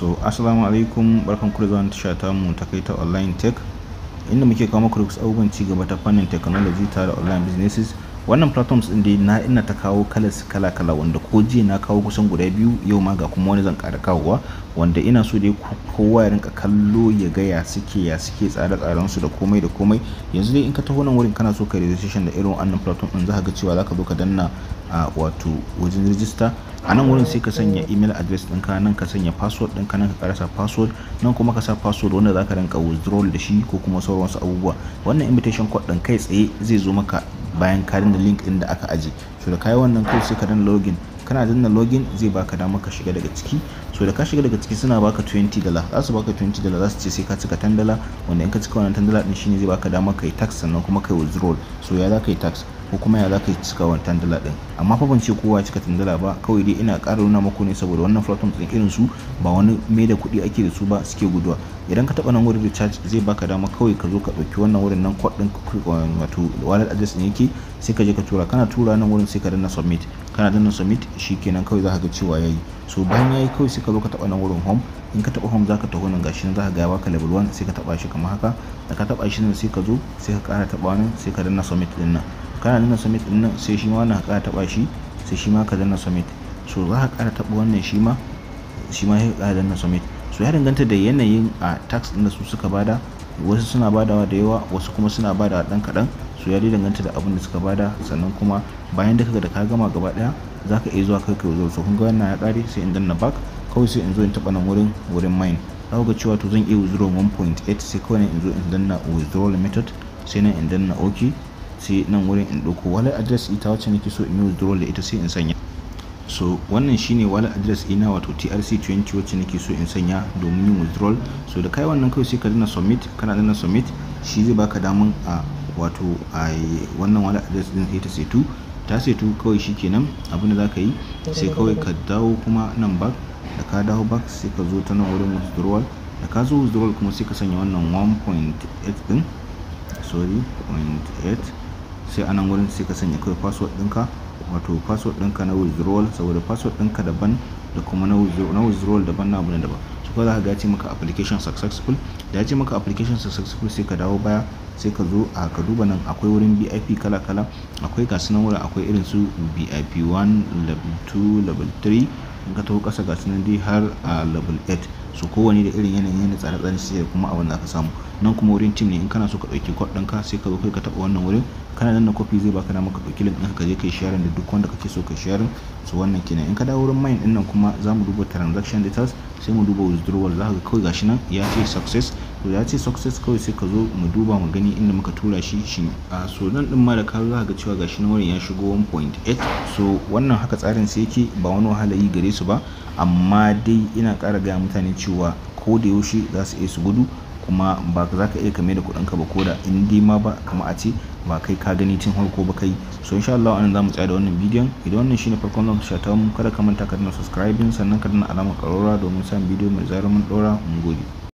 so assalamu alaikum barkan ku da zuwa tasha ta mu ta kai ta online tech inda muke kawo muku duk abubuwan ci gaba ta fannin technology tare online businesses wannan platforms din dai na ina ta kawo kalas kala kala wanda ko jiya na kawo kusan guda biyu yau ma ga kuma wani zan ƙara kawowa wanda ina so dai kowa ya rinka kallo ya ga ya suke ya suke tsare tsaren su da komai da komai yanzu dai in ka taho nan wurin kana so ka registration da irin wannan platform din zaka ga cewa zaka zo ka danna a wato wajen register a nan wurin sai ka sanya email address ɗinka nan ka sanya password ɗinka nan ka karasa password nan kuma ka sa password wanda za ka rinka withdrawal da shi ko kuma sauran wasu abubuwa wannan invitation code ɗin kai tsaye zai zo maka bayan ka danna link ɗin da aka aje so da kayi wannan kai sai ka danna login kana danna login zai baka damar ka shiga daga ciki so da ka shiga daga ciki suna baka 20 dala za su baka 20 dala za su ce sai ka cika 10 dala wanda in ka cika wannan 10 dala din shine zai baka dama kai tax sannan kuma kai withdrawal so ya za ka yi tax ko kuma ya za ka cika wannan dala din amma fa ban ce kowa ya cika dala ba kawai dai ina ƙara nuna muku ne saboda wannan platform din irin su ba wani mai da kuɗi ake da su ba suke guduwa idan ka taba nan wurin recharge zai baka dama kawai ka zo ka ɗauki wannan wurin nan kod din um, wato wallet address ne yake sai ka je ka tura kana tura nan wurin sai ka danna submit kana danna submit shikenan kawai za ka ga cewa yayi so bayan yayi kawai sai ka zo ka taba nan wurin home in ka taba home zaka taho nan gashi nan zaka ga ba baka level 1 sai ka taba shi kamar haka da ka taba shi nan sai ka zo sai ka kara taba nan sai ka danna submit din nan kana danna submit din nan sai shi ma wannan ka kara taba shi sai shi ma ka danna submit so za ka kara taba wannan shi ma shi ma sai ka kara danna submit so ya danganta da yanayin a tax din da su suka bada wasu suna badawa da yawa wasu kuma suna badawa dan kadan so ya danganta da abin da suka bada sannan kuma bayan da kaga da ka gama gaba daya za ka iya zuwa kai ka zo so kun ga wannan ya kare sai in danna back kawai sai in zo in taɓa nan wurin wurin main za ga cewa to zan iya withdraw 1.8 sai kawai in zo in danna withdrawal method sai nan in danna ok sai nan wurin in ɗauko wallet address ita wacce nake so in yi withdrawal da ita sai in sanya so wannan shine wallet address ina wato trc20 wacce nake so in sanya domin yin withdrawal so da kai wannan kawai sai ka danna submit kana danna submit shi zai baka daman a wato a wannan wallet address din sai ta ta setu kawai shikenan abinda za ka yi sai kawai ka dawo kuma nan back da ka dawo back sai ka zo ta nan wurin withdrawal da ka zo withdrawal kuma sai ka sanya wannan 1.8 din sorry 0.8 sai anan wurin sai ka sanya kawai password ɗinka wato password ɗinka na withdrawal saboda password ɗinka daban da kuma na withdrawal daban na abu daban ko za ka ga ce maka application successful da ya ce maka application successful sai ka dawo baya sai ka zo a ka duba nan akwai wurin bip kala kala akwai gasu nan wurin akwai irin su bip 1 level 2 level 3 in ka taho kasa gasu nan dai har a ah, level 8 su kowane da irin yanayin yadda tsare-tsare sai kuma abin da aka samu nan kuma wurin tim ne in kana so ka ɗauki kwad ɗinka sai ka zo kai ka taɓa wannan wurin kana nan na kofi zai baka dama ka ɗauki link ɗinka ka je kai sharing da duk wanda kake so ka sharing su wannan kenan in ka dawo wurin main ɗin nan kuma za mu duba transaction details sai mu duba withdrawal za ka ga kawai gashi nan ya ce success to ya ce success kawai sai ka zo mu duba mu gani inda muka tura shi shi a so nan din ma da ka zo ga cewa gashi nan ya shigo 1.8 so wannan haka tsarin sai yake ba wani wahala gare su ba amma dai ina ƙara gaya mutane cewa ko da yaushe za su iya su gudu kuma ba za ka iya kame da ka ba ko da in dai ma ba kama a ce ba kai ka gani tun harko ba kai so insha Allah anan zamu tsaya da wannan bidiyon idan wannan shine farkon zamu sha ta mu kada ka manta ka danna subscribing sannan ka danna alamar karora domin samun bidiyo mai zarar mun dora mun gode